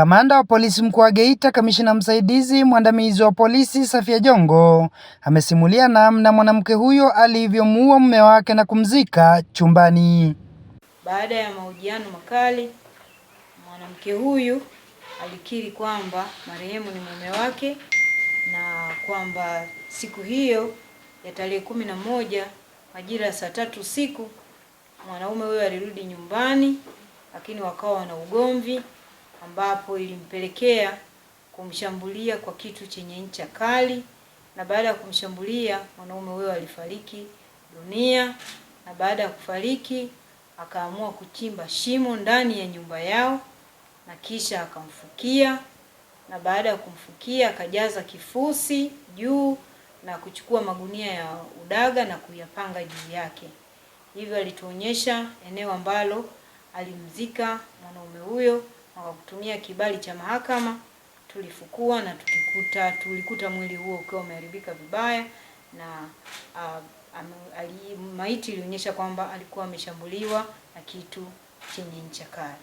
Kamanda wa polisi mkuu wa Geita, kamishina msaidizi mwandamizi wa polisi Safia Jongo amesimulia namna mwanamke huyo alivyomuua mume wake na kumzika chumbani. Baada ya mahojiano makali, mwanamke huyu alikiri kwamba marehemu ni mume wake na kwamba siku hiyo ya tarehe kumi na moja majira ya saa tatu usiku mwanaume huyo alirudi nyumbani, lakini wakawa wana ugomvi ambapo ilimpelekea kumshambulia kwa kitu chenye ncha kali, na baada ya kumshambulia mwanaume huyo alifariki dunia, na baada ya kufariki akaamua kuchimba shimo ndani ya nyumba yao na kisha akamfukia, na baada ya kumfukia akajaza kifusi juu na kuchukua magunia ya udaga na kuyapanga juu yake. Hivyo alituonyesha eneo ambalo alimzika mwanaume huyo kutumia kibali cha mahakama, tulifukua na tukikuta, tulikuta mwili huo ukiwa umeharibika vibaya na uh, ali, maiti ilionyesha kwamba alikuwa ameshambuliwa na kitu chenye ncha kali.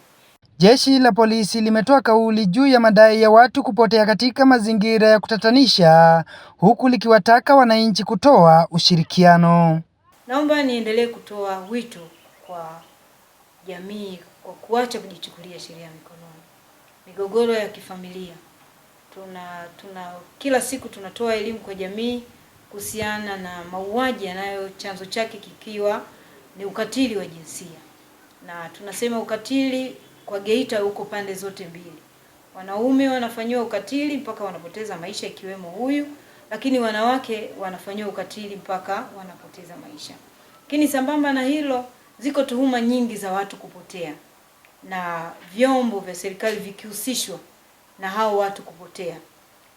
Jeshi la polisi limetoa kauli juu ya madai ya watu kupotea katika mazingira ya kutatanisha huku likiwataka wananchi kutoa ushirikiano. Naomba niendelee kutoa wito kwa jamii kwa kuacha kujichukulia sheria mikononi. Migogoro ya kifamilia tuna, tuna kila siku tunatoa elimu kwa jamii kuhusiana na mauaji yanayo chanzo chake kikiwa ni ukatili wa jinsia, na tunasema ukatili kwa Geita huko pande zote mbili, wanaume wanafanyiwa ukatili mpaka wanapoteza maisha ikiwemo huyu, lakini wanawake wanafanyiwa ukatili mpaka wanapoteza maisha. Lakini sambamba na hilo, ziko tuhuma nyingi za watu kupotea na vyombo vya serikali vikihusishwa na hao watu kupotea.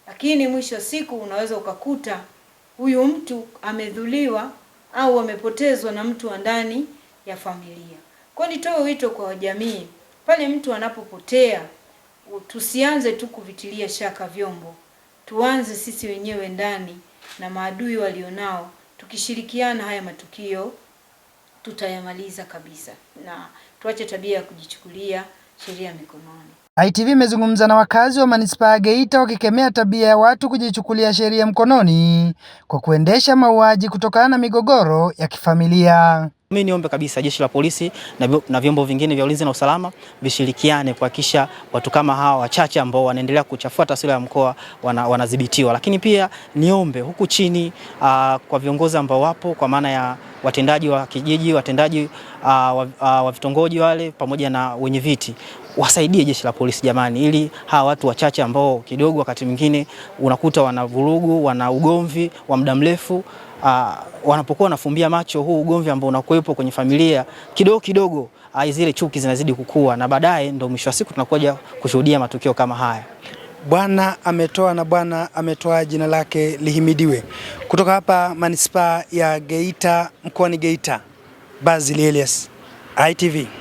Lakini mwisho wa siku unaweza ukakuta huyu mtu amedhuliwa au amepotezwa na mtu wa ndani ya familia. Kwa nitoe wito kwa jamii, pale mtu anapopotea tusianze tu kuvitilia shaka vyombo, tuanze sisi wenyewe ndani na maadui walionao, tukishirikiana haya matukio tutayamaliza kabisa, na tuache tabia ya kujichukulia sheria mikononi. ITV imezungumza na wakazi wa manispaa ya Geita wakikemea tabia ya watu kujichukulia sheria mkononi kwa kuendesha mauaji kutokana na migogoro ya kifamilia. Mimi niombe kabisa jeshi la polisi na vyombo vingine vya ulinzi na usalama vishirikiane kuhakikisha watu kama hawa wachache ambao wanaendelea kuchafua taswira ya mkoa wanadhibitiwa, lakini pia niombe huku chini uh, kwa viongozi ambao wapo kwa maana ya watendaji wa kijiji, watendaji uh, wa, uh, wa vitongoji wale pamoja na wenye viti wasaidie jeshi la polisi jamani, ili hawa watu wachache ambao kidogo wakati mwingine unakuta wana vurugu, wana ugomvi wa muda mrefu uh, wanapokuwa wanafumbia macho huu ugomvi ambao unakuwepo kwenye familia kidogo kidogo, uh, zile chuki zinazidi kukua na baadaye ndo mwisho wa siku tunakuja kushuhudia matukio kama haya. Bwana ametoa na Bwana ametoa, jina lake lihimidiwe. Kutoka hapa manispaa ya Geita mkoani Geita, Basil Elias, ITV.